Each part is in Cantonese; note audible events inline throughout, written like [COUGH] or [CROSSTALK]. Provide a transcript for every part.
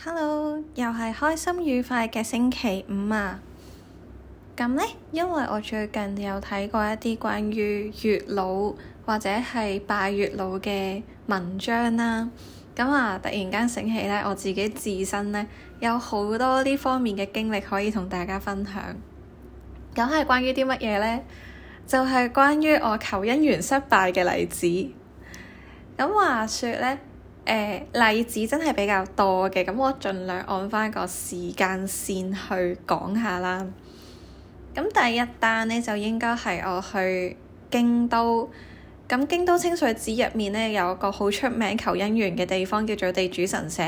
Hello，又係開心愉快嘅星期五啊！咁呢，因為我最近有睇過一啲關於月老或者係拜月老嘅文章啦，咁啊突然間醒起咧，我自己自身咧有好多呢方面嘅經歷可以同大家分享。咁係關於啲乜嘢咧？就係關於我求姻緣失敗嘅例子。咁話說咧～誒、欸、例子真係比較多嘅，咁我盡量按翻個時間線去講下啦。咁第一單呢，就應該係我去京都，咁京都清水寺入面呢，有一個好出名求姻緣嘅地方叫做地主神社。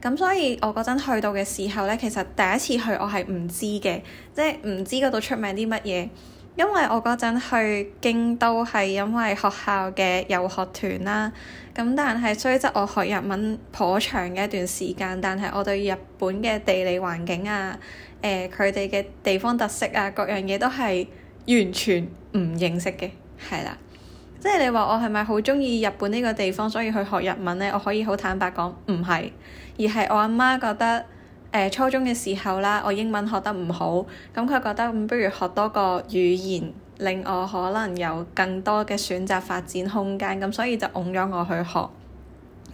咁所以我嗰陣去到嘅時候呢，其實第一次去我係唔知嘅，即係唔知嗰度出名啲乜嘢。因為我嗰陣去京都係因為學校嘅遊學團啦，咁但係雖則我學日文頗長嘅一段時間，但係我對日本嘅地理環境啊、誒佢哋嘅地方特色啊各樣嘢都係完全唔認識嘅，係啦，即係你話我係咪好鍾意日本呢個地方所以去學日文咧？我可以好坦白講唔係，而係我阿媽覺得。誒初中嘅時候啦，我英文學得唔好，咁佢覺得咁不如學多個語言，令我可能有更多嘅選擇發展空間，咁所以就拱咗我去學。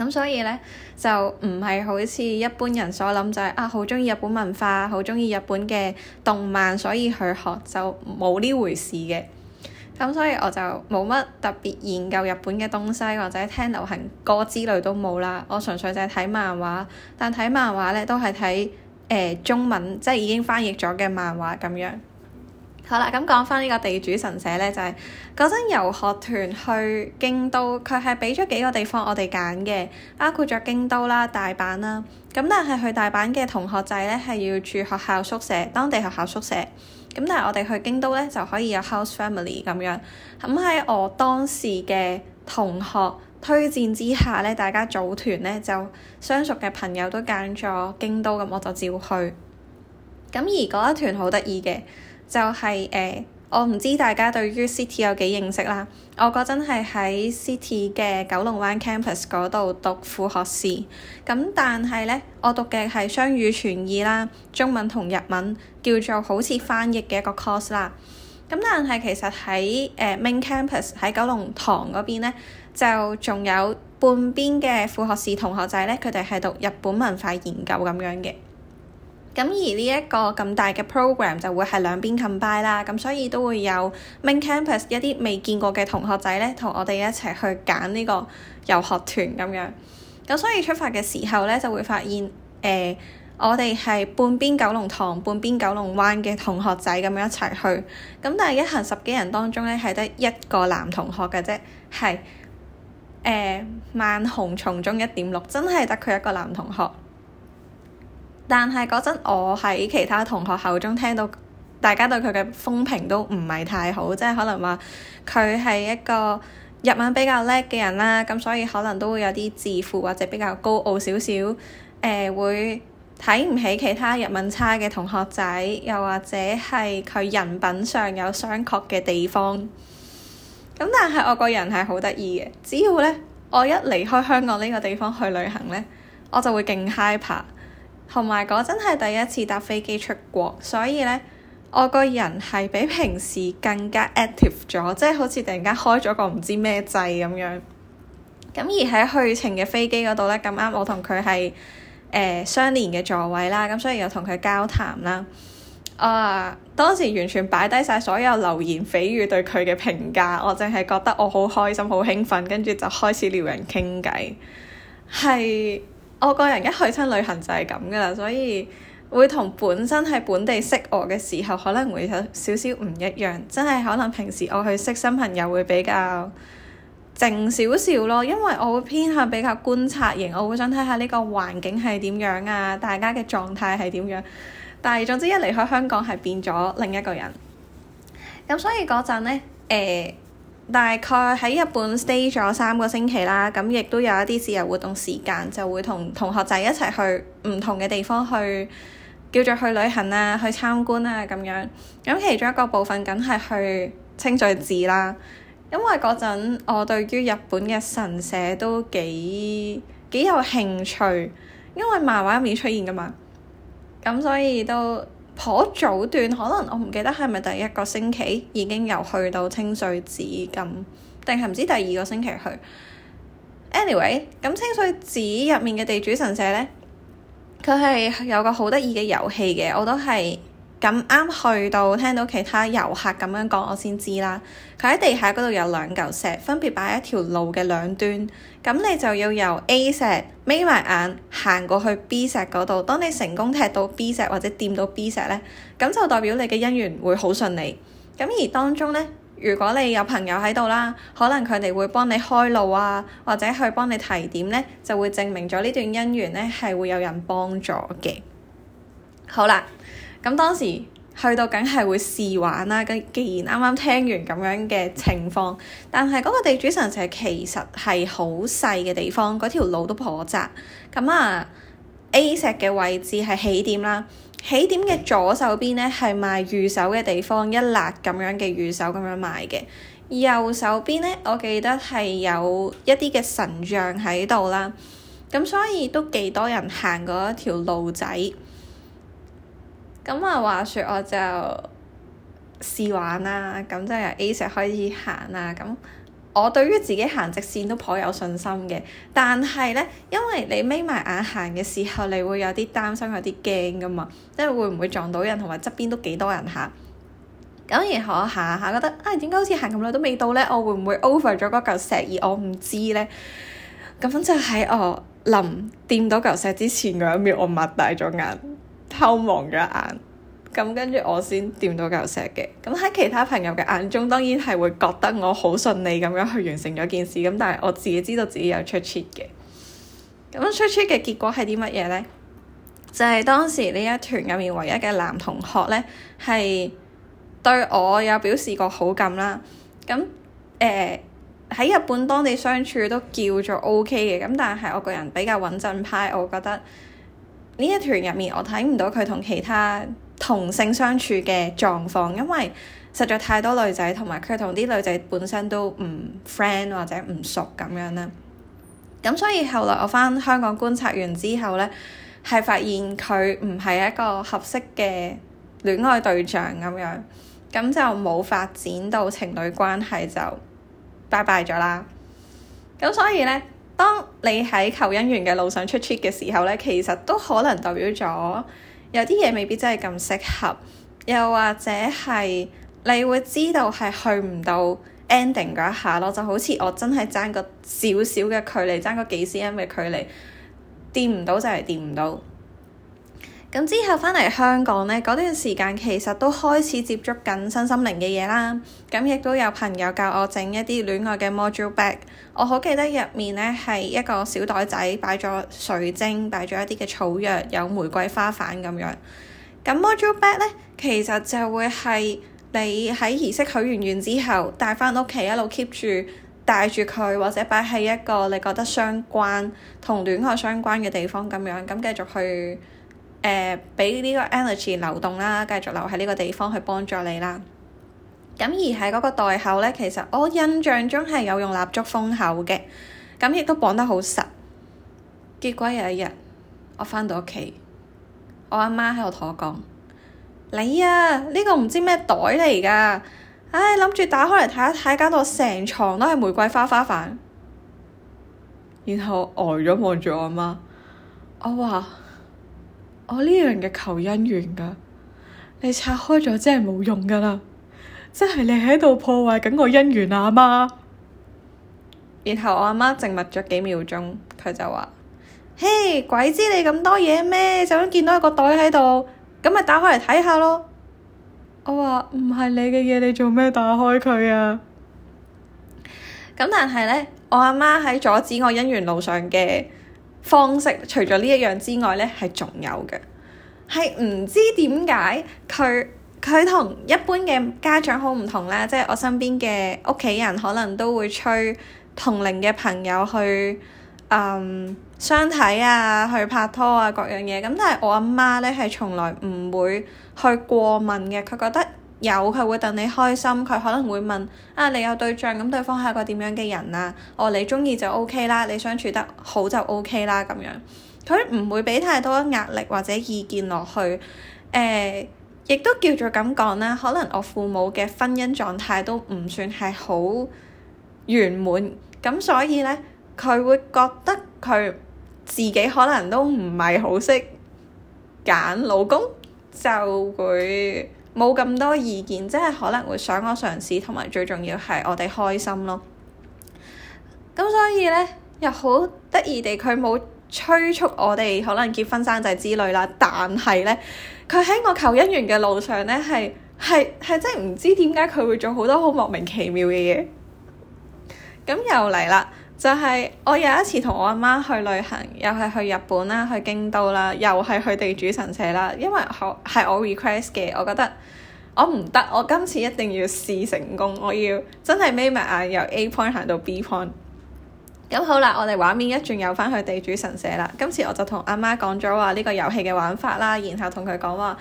咁所以咧就唔係好似一般人所諗，就係啊，好中意日本文化，好中意日本嘅動漫，所以去學就冇呢回事嘅。咁、嗯、所以我就冇乜特別研究日本嘅東西，或者聽流行歌之類都冇啦。我純粹就係睇漫畫，但睇漫畫咧都係睇誒中文，即係已經翻譯咗嘅漫畫咁樣。好啦，咁、嗯、講返呢個地主神社咧，就係嗰陣遊學團去京都，佢係俾咗幾個地方我哋揀嘅，包括咗京都啦、大阪啦。咁但係去大阪嘅同學仔咧，係要住學校宿舍、當地學校宿舍。咁但係我哋去京都咧就可以有 house family 咁樣，咁喺我當時嘅同學推薦之下咧，大家組團咧就相熟嘅朋友都揀咗京都，咁我就照去。咁而嗰一團好得意嘅就係、是、誒。Uh, 我唔知大家對於 City 有幾認識啦。我嗰陣係喺 City 嘅九龍灣 campus 嗰度讀副學士，咁但係咧，我讀嘅係雙語傳意啦，中文同日文，叫做好似翻譯嘅一個 course 啦。咁但係其實喺誒、呃、main campus 喺九龍塘嗰邊咧，就仲有半邊嘅副學士同學仔咧，佢哋係讀日本文化研究咁樣嘅。咁而呢一個咁大嘅 program 就會係兩邊 combine 啦，咁所以都會有 main campus 一啲未見過嘅同學仔咧，同我哋一齊去揀呢個遊學團咁樣。咁所以出發嘅時候咧，就會發現誒、呃，我哋係半邊九龍塘、半邊九龍灣嘅同學仔咁樣一齊去。咁但係一行十幾人當中咧，係得一個男同學嘅啫，係誒、呃、萬紅叢中一點綠，真係得佢一個男同學。但係嗰陣，我喺其他同學口中聽到，大家對佢嘅風評都唔係太好，即係可能話佢係一個日文比較叻嘅人啦，咁所以可能都會有啲自負或者比較高傲少少，誒、呃、會睇唔起其他日文差嘅同學仔，又或者係佢人品上有商榷嘅地方。咁但係我個人係好得意嘅，只要咧我一離開香港呢個地方去旅行咧，我就會勁嗨啪同埋嗰真係第一次搭飛機出國，所以咧我個人係比平時更加 active 咗，即係好似突然間開咗個唔知咩掣咁樣。咁而喺去程嘅飛機嗰度咧，咁啱我同佢係誒相連嘅座位啦，咁所以又同佢交談啦。啊，當時完全擺低晒所有流言蜚語對佢嘅評價，我淨係覺得我好開心、好興奮，跟住就開始撩人傾偈，係。我個人一去親旅行就係咁噶啦，所以會同本身喺本地識我嘅時候可能會有少少唔一樣。真係可能平時我去識新朋友會比較靜少少咯，因為我會偏向比較觀察型，我會想睇下呢個環境係點樣啊，大家嘅狀態係點樣。但係總之一離開香港係變咗另一個人。咁所以嗰陣咧，誒、呃、～大概喺日本 stay 咗三個星期啦，咁亦都有一啲自由活動時間，就會同同學仔一齊去唔同嘅地方去，叫做去旅行啊，去參觀啊咁樣。咁其中一個部分梗係去清水寺啦，因為嗰陣我對於日本嘅神社都幾幾有興趣，因為漫畫入面出現㗎嘛，咁所以都。頗早段，可能我唔記得係咪第一個星期已經有去到清水寺咁，定係唔知第二個星期去？Anyway，咁清水寺入面嘅地主神社咧，佢係有個好得意嘅遊戲嘅，我都係。咁啱去到，聽到其他遊客咁樣講，我先知啦。佢喺地下嗰度有兩嚿石，分別擺喺一條路嘅兩端。咁你就要由 A 石眯埋眼行過去 B 石嗰度。當你成功踢到 B 石或者掂到 B 石呢，咁就代表你嘅姻緣會好順利。咁而當中呢，如果你有朋友喺度啦，可能佢哋會幫你開路啊，或者去幫你提點呢，就會證明咗呢段姻緣呢係會有人幫助嘅。好啦。咁當時去到梗係會試玩啦。既然啱啱聽完咁樣嘅情況，但係嗰個地主神社其實係好細嘅地方，嗰條路都頗窄。咁啊，A 石嘅位置係起點啦。起點嘅左手邊咧係賣御守嘅地方，一粒咁樣嘅御守咁樣賣嘅。右手邊咧，我記得係有一啲嘅神像喺度啦。咁所以都幾多人行過一條路仔。咁啊，話説我就試玩啦，啊，咁即係由 A 石開始行啦。咁我對於自己行直線都頗有信心嘅，但係咧，因為你眯埋眼行嘅時候，你會有啲擔心，有啲驚噶嘛，即、就、係、是、會唔會撞到人，同埋側邊都幾多人行。咁然後我下下覺得啊，點、哎、解好似行咁耐都未到咧？我會唔會 over 咗嗰嚿石而我唔知咧？咁就喺我臨掂到嚿石之前嗰一秒，我擘大咗眼。偷望咗眼，咁跟住我先掂到嚿石嘅。咁喺其他朋友嘅眼中，當然係會覺得我好順利咁樣去完成咗件事。咁但係我自己知道自己有出術嘅。咁出術嘅結果係啲乜嘢呢？就係、是、當時呢一團入面唯一嘅男同學呢，係對我有表示過好感啦。咁誒喺日本當地相處都叫做 O K 嘅。咁但係我個人比較穩陣派，我覺得。呢一團入面，我睇唔到佢同其他同性相處嘅狀況，因為實在太多女仔，同埋佢同啲女仔本身都唔 friend 或者唔熟咁樣啦。咁所以後來我翻香港觀察完之後咧，係發現佢唔係一個合適嘅戀愛對象咁樣，咁就冇發展到情侶關係，就拜拜咗啦。咁所以咧。當你喺求姻緣嘅路上出 trip 嘅時候咧，其實都可能代表咗有啲嘢未必真係咁適合，又或者係你會知道係去唔到 ending 嗰一下咯，就好似我真係爭個少少嘅距離，爭個幾 cm 嘅距離，掂唔到就係掂唔到。咁之後返嚟香港呢，嗰段時間其實都開始接觸緊身心靈嘅嘢啦。咁亦都有朋友教我整一啲戀愛嘅 mojo bag。我好記得入面呢，係一個小袋仔，擺咗水晶，擺咗一啲嘅草藥，有玫瑰花瓣咁樣。咁 mojo bag 呢，其實就會係你喺儀式許完願之後帶返屋企，一路 keep 住帶住佢，或者擺喺一個你覺得相關同戀愛相關嘅地方咁樣，咁繼續去。畀呢、呃、個 energy 流動啦，繼續留喺呢個地方去幫助你啦。咁而喺嗰個袋口咧，其實我印象中係有用蠟燭封口嘅，咁亦都綁得好實。結果有一日，我返到屋企，我阿媽喺度同我講：你啊，呢、呢個唔知咩袋嚟㗎？唉，諗住打開嚟睇一睇，搞到我成床都係玫瑰花花瓣。然後呆咗望住我阿媽，我話，我呢樣嘅求姻緣噶，你拆開咗真係冇用噶啦，即係你喺度破壞緊我姻緣啊！阿媽，然後我阿媽靜默咗幾秒鐘，佢就話：嘿，hey，鬼知你咁多嘢咩？就咁見到一個袋喺度，咁咪打開嚟睇下咯。我話唔係你嘅嘢，你做咩打開佢啊？咁但係咧，我阿媽喺阻止我姻緣路上嘅。方式除咗呢一樣之外咧，係仲有嘅。係唔知點解佢，佢同一般嘅家長好唔同啦，即係我身邊嘅屋企人可能都會催同齡嘅朋友去嗯相睇啊，去拍拖啊各樣嘢，咁但係我阿媽咧係從來唔會去過問嘅，佢覺得。有佢會戥你開心，佢可能會問啊，你有對象，咁對方係一個點樣嘅人啊？哦，你鍾意就 OK 啦，你相處得好就 OK 啦咁樣。佢唔會畀太多壓力或者意見落去。誒、呃，亦都叫做咁講啦，可能我父母嘅婚姻狀態都唔算係好圓滿，咁所以呢，佢會覺得佢自己可能都唔係好識揀老公，就會，冇咁多意見，即係可能會想我嘗試，同埋最重要係我哋開心咯。咁所以咧，又好得意地，佢冇催促我哋可能結婚生仔之類啦。但係咧，佢喺我求姻緣嘅路上咧，係係係真係唔知點解佢會做好多好莫名其妙嘅嘢。咁又嚟啦。就係、是、我有一次同我阿媽去旅行，又係去日本啦，去京都啦，又係去地主神社啦，因為我係我 request 嘅，我覺得我唔得，我今次一定要試成功，我要真係眯埋眼由 A point 行到 B point。咁好啦，我哋畫面一轉又翻去地主神社啦，今次我就同阿媽講咗話呢個遊戲嘅玩法啦，然後同佢講話。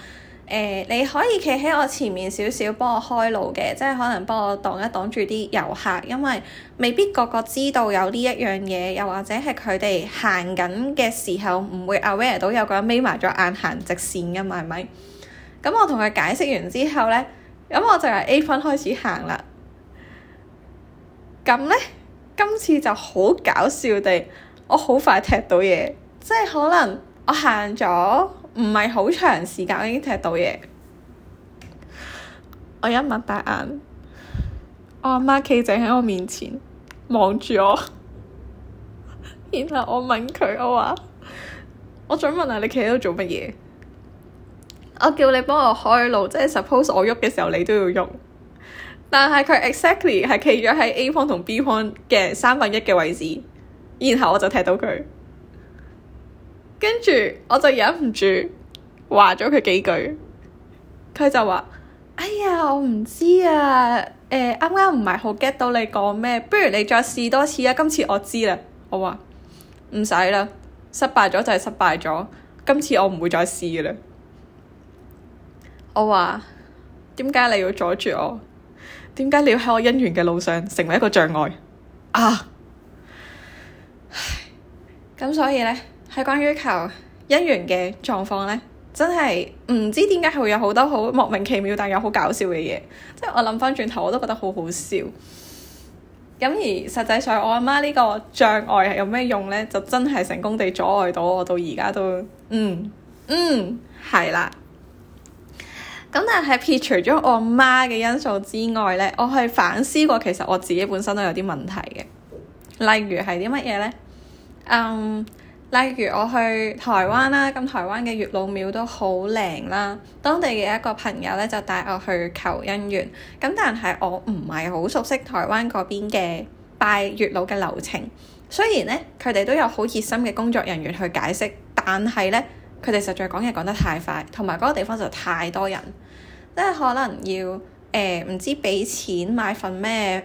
誒、呃，你可以企喺我前面少少幫我開路嘅，即係可能幫我擋一擋住啲遊客，因為未必個個知道有呢一樣嘢，又或者係佢哋行緊嘅時候唔會 aware 到有個人眯埋咗眼行直線㗎嘛，係咪？咁我同佢解釋完之後咧，咁我就由 A 分開始行啦。咁咧，今次就好搞笑地，我好快踢到嘢，即係可能我行咗。唔係好長時間我已經踢到嘢，我一擘大眼，我阿媽企正喺我面前望住我， [LAUGHS] 然後我問佢我話：我想問下你企喺度做乜嘢？ [LAUGHS] 我叫你幫我開路，即係 suppose 我喐嘅時候你都要喐，但係佢 exactly 係企咗喺 A 方同 B 方嘅三分一嘅位置，然後我就踢到佢。跟住我就忍唔住話咗佢幾句，佢 [LAUGHS] 就話：哎呀，我唔知啊，誒啱啱唔係好 get 到你講咩，不如你再試多次啊！今次我知啦， [LAUGHS] 我話唔使啦，失敗咗就係失敗咗，今次我唔會再試㗎啦。 [LAUGHS] 我話點解你要阻住我？點解你要喺我姻緣嘅路上成為一個障礙？啊！唉咁 [LAUGHS] 所以咧。係關於求姻緣嘅狀況咧，真係唔知點解，會有好多好莫名其妙，但又好搞笑嘅嘢。即係我諗翻轉頭，我都覺得好好笑。咁而實際上，我阿媽呢個障礙係有咩用咧？就真係成功地阻礙到我到而家都嗯嗯係啦。咁、嗯、但係撇除咗我阿媽嘅因素之外咧，我係反思過其實我自己本身都有啲問題嘅，例如係啲乜嘢咧？嗯。例如我去台灣啦，咁台灣嘅月老廟都好靚啦。當地嘅一個朋友咧就帶我去求姻緣，咁但係我唔係好熟悉台灣嗰邊嘅拜月老嘅流程。雖然咧佢哋都有好熱心嘅工作人員去解釋，但係咧佢哋實在講嘢講得太快，同埋嗰個地方就太多人，即係可能要誒、呃、唔知畀錢買份咩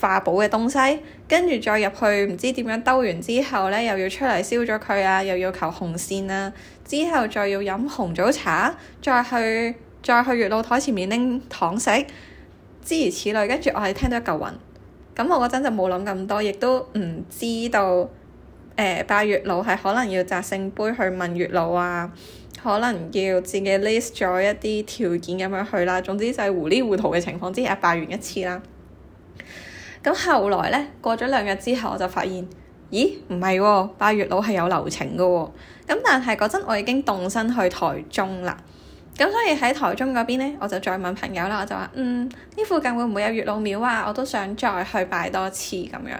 化寶嘅東西，跟住再入去唔知點樣兜完之後呢，又要出嚟燒咗佢啊，又要求紅線啊，之後再要飲紅棗茶，再去再去月老台前面拎糖食，諸如此類，跟住我係聽到一嚿雲，咁我嗰陣就冇諗咁多，亦都唔知道、呃、拜月老係可能要擲聖杯去問月老啊，可能要自己 list 咗一啲條件咁樣去啦，總之就係糊裏糊塗嘅情況之下拜完一次啦。咁後來呢，過咗兩日之後，我就發現，咦，唔係喎，拜月老係有流程嘅喎、哦。咁但係嗰陣我已經動身去台中啦。咁所以喺台中嗰邊呢，我就再問朋友啦，我就話嗯，呢附近會唔會有月老廟啊？我都想再去拜多次咁樣。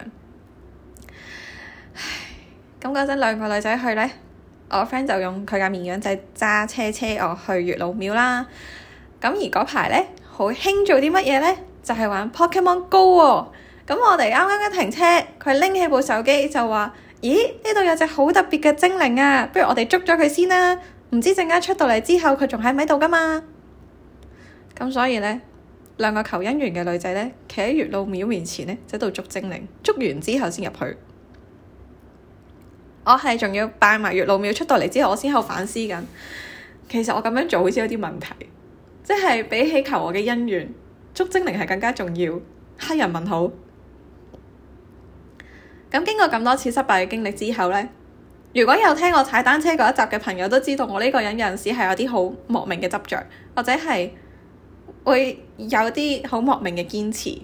咁嗰陣兩個女仔去呢，我 friend 就用佢嘅綿羊仔揸車車我去月老廟啦。咁而嗰排呢，好興做啲乜嘢呢？就係、是、玩 Pokemon、ok、Go 喎、哦。咁我哋啱啱一停車，佢拎起部手機就話：咦，呢度有隻好特別嘅精靈啊！不如我哋捉咗佢先啦。唔知陣間出到嚟之後，佢仲喺唔喺度㗎嘛？咁所以呢，兩個求姻緣嘅女仔呢，企喺月老廟面前呢，喺度捉精靈，捉完之後先入去。我係仲要拜埋月老廟出到嚟之後，我先後反思緊。其實我咁樣做好似有啲問題，即係比起求我嘅姻緣，捉精靈係更加重要。黑人問號。咁經過咁多次失敗嘅經歷之後咧，如果有聽我踩單車嗰一集嘅朋友都知道，我呢個人有陣時係有啲好莫名嘅執着，或者係會有啲好莫名嘅堅持。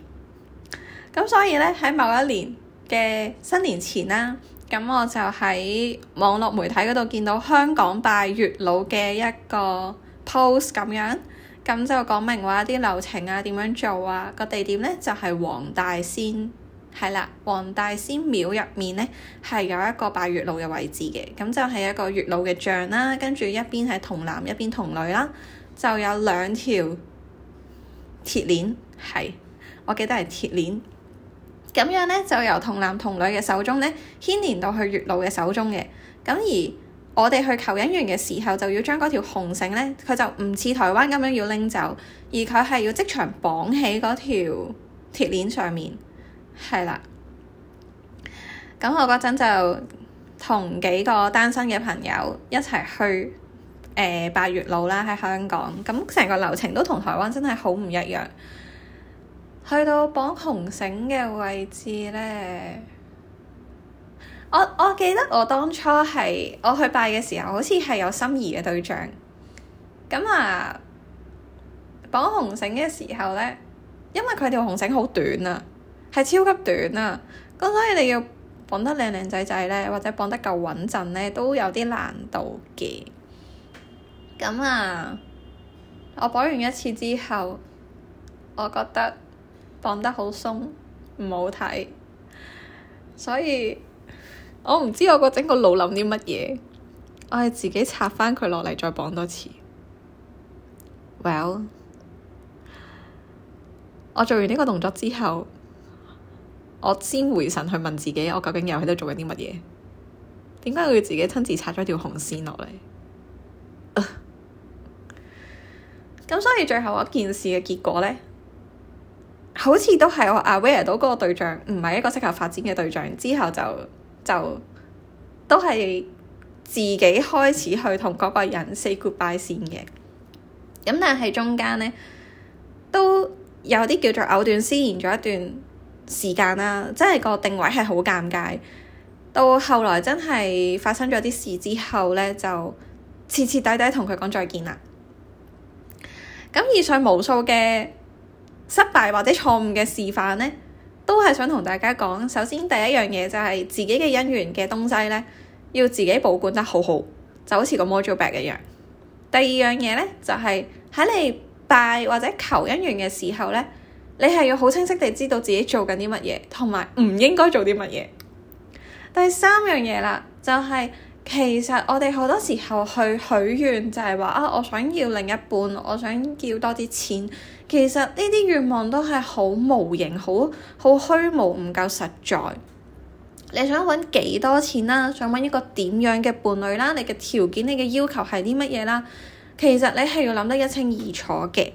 咁所以咧，喺某一年嘅新年前啦，咁我就喺網絡媒體嗰度見到香港拜月老嘅一個 post 咁樣，咁就講明話啲流程啊點樣做啊、個地點咧就係、是、黃大仙。係啦，黃大仙廟入面咧係有一個拜月老嘅位置嘅，咁就係一個月老嘅像啦，跟住一邊係童男一邊童女啦，就有兩條鐵鏈係，我記得係鐵鏈咁樣咧，就由童男童女嘅手中咧牽連到去月老嘅手中嘅。咁而我哋去求姻緣嘅時候，就要將嗰條紅繩咧，佢就唔似台灣咁樣要拎走，而佢係要即場綁喺嗰條鐵鏈上面。係啦，咁我嗰陣就同幾個單身嘅朋友一齊去誒、呃、拜月老啦，喺香港。咁成個流程都同台灣真係好唔一樣。去到綁紅繩嘅位置咧，我我記得我當初係我去拜嘅時候，好似係有心儀嘅對象。咁啊，綁紅繩嘅時候咧，因為佢條紅繩好短啊。係超級短啊！咁所以你要綁得靚靚仔仔咧，或者綁得夠穩陣咧，都有啲難度嘅。咁啊，我綁完一次之後，我覺得綁得好鬆，唔好睇，所以我唔知我個整個腦諗啲乜嘢。我係自己拆翻佢落嚟，再綁多次。Well，我做完呢個動作之後，我先回神去問自己，我究竟又喺度做緊啲乜嘢？點解我要自己親自拆咗條紅線落嚟？咁 [LAUGHS] 所以最後一件事嘅結果咧，好似都係我 aware 到嗰個對象唔係一個適合發展嘅對象，之後就就都係自己開始去同嗰個人 say goodbye 先嘅。咁但係中間咧都有啲叫做藕斷絲連，咗一段。時間啦，真係個定位係好尷尬。到後來真係發生咗啲事之後呢，就徹徹底底同佢講再見啦。咁以上無數嘅失敗或者錯誤嘅示範呢，都係想同大家講。首先第一樣嘢就係自己嘅姻緣嘅東西呢，要自己保管得好好，就好似個魔咒寶一樣。第二樣嘢呢，就係、是、喺你拜或者求姻緣嘅時候呢。你係要好清晰地知道自己做緊啲乜嘢，同埋唔應該做啲乜嘢。第三樣嘢啦，就係其實我哋好多時候去許願，就係話啊，我想要另一半，我想要多啲錢。其實呢啲願望都係好無形，好好虛無，唔夠實在。你想揾幾多錢啦？想揾一個點樣嘅伴侶啦？你嘅條件、你嘅要求係啲乜嘢啦？其實你係要諗得一清二楚嘅。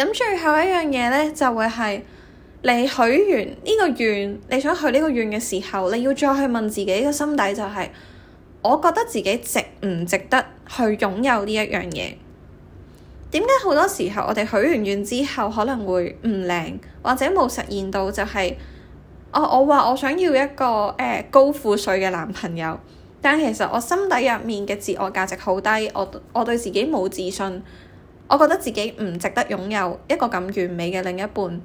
咁最後一樣嘢咧，就會、是、係你許完呢個願，你想許呢個願嘅時候，你要再去問自己個心底、就是，就係我覺得自己值唔值得去擁有呢一樣嘢？點解好多時候我哋許完願之後可能會唔靈，或者冇實現到、就是？就係我我話我想要一個誒、uh, 高富帥嘅男朋友，但其實我心底入面嘅自我價值好低，我我對自己冇自信。我覺得自己唔值得擁有一個咁完美嘅另一半，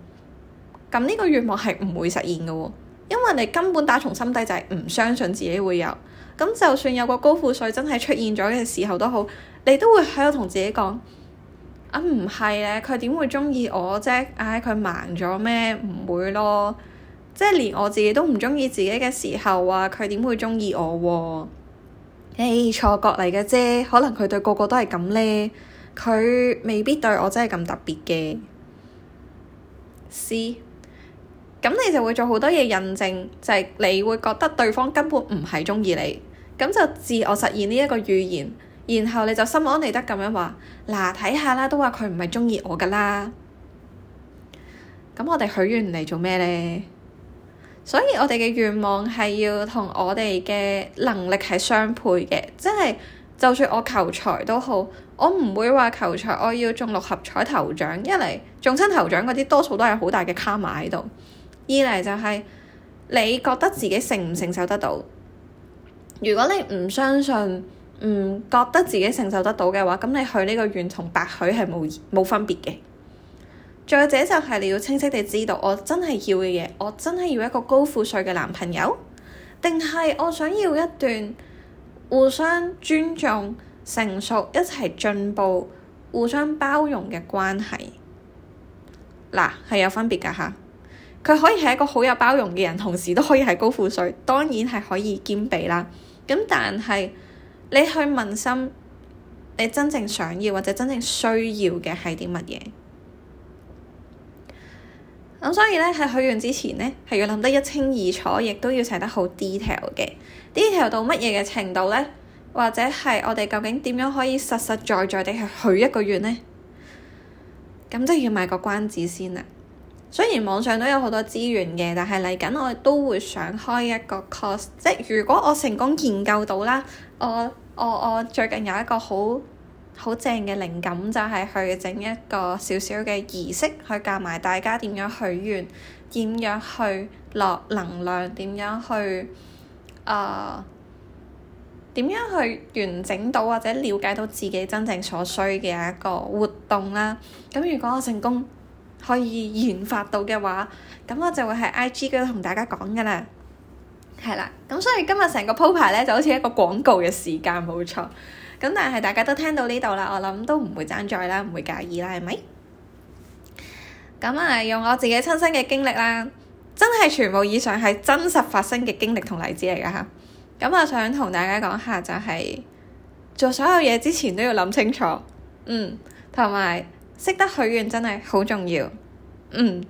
咁呢個願望係唔會實現嘅喎，因為你根本打從心底就係唔相信自己會有。咁就算有個高富帥真係出現咗嘅時候都好，你都會喺度同自己講：啊，唔係咧，佢點會鍾意我啫？唉、哎，佢盲咗咩？唔會咯，即係連我自己都唔鍾意自己嘅時候啊，佢點會鍾意我？誒、哎，錯覺嚟嘅啫，可能佢對個個都係咁咧。佢未必對我真係咁特別嘅，C，咁你就會做好多嘢印證，就係你會覺得對方根本唔係鍾意你，咁就自我實現呢一個預言，然後你就心安理得咁樣話，嗱，睇下啦，都話佢唔係鍾意我噶啦，咁我哋許願嚟做咩咧？所以我哋嘅願望係要同我哋嘅能力係相配嘅，即係。就算我求財都好，我唔會話求財，我要中六合彩頭獎。一嚟中親頭獎嗰啲，多數都係好大嘅卡碼喺度；二嚟就係、是、你覺得自己承唔承受得到。如果你唔相信，唔覺得自己承受得到嘅話，咁你去呢個願同白許係冇冇分別嘅。再者就係你要清晰地知道我的的，我真係要嘅嘢，我真係要一個高富帥嘅男朋友，定係我想要一段？互相尊重、成熟、一齊進步、互相包容嘅關係，嗱係有分別㗎嚇。佢可以係一個好有包容嘅人，同時都可以係高富帥，當然係可以兼備啦。咁但係你去問心，你真正想要或者真正需要嘅係啲乜嘢？咁所以咧，喺許願之前咧，係要諗得一清二楚，亦都要寫得好 detail 嘅。detail 到乜嘢嘅程度咧？或者係我哋究竟點樣可以實實在在地去許一個願咧？咁即係要賣個關子先啦。雖然網上都有好多資源嘅，但係嚟緊我都會想開一個 course。即係如果我成功研究到啦，我我我最近有一個好好正嘅靈感就係去整一個小小嘅儀式，去教埋大家點樣許願，點樣去落能量，點樣去啊，呃，點樣去完整到或者了解到自己真正所需嘅一個活動啦。咁如果我成功可以研發到嘅話，咁我就會喺 IG 嗰度同大家講噶啦。係啦，咁所以今日成個鋪排咧，就好似一個廣告嘅時間，冇錯。咁但係大家都聽到呢度啦，我諗都唔會爭在啦，唔會介意啦，係咪？咁啊，用我自己親身嘅經歷啦，真係全部以上係真實發生嘅經歷同例子嚟㗎嚇。咁我想同大家講下就係、是，做所有嘢之前都要諗清楚，嗯，同埋識得許願真係好重要，嗯。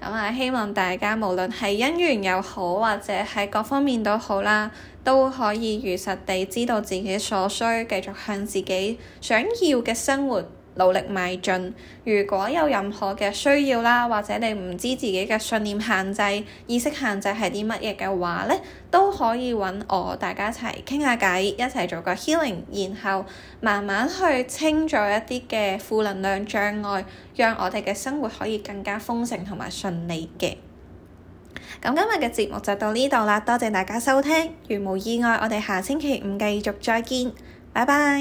咁啊，希望大家無論係姻緣又好，或者係各方面都好啦，都可以如實地知道自己所需，繼續向自己想要嘅生活，努力邁進。如果有任何嘅需要啦，或者你唔知自己嘅信念限制、意識限制係啲乜嘢嘅話咧，都可以揾我，大家一齊傾下偈，一齊做個 healing，然後慢慢去清咗一啲嘅負能量障礙，讓我哋嘅生活可以更加豐盛同埋順利嘅。咁今日嘅節目就到呢度啦，多謝大家收聽。如無意外，我哋下星期五繼續再見，拜拜。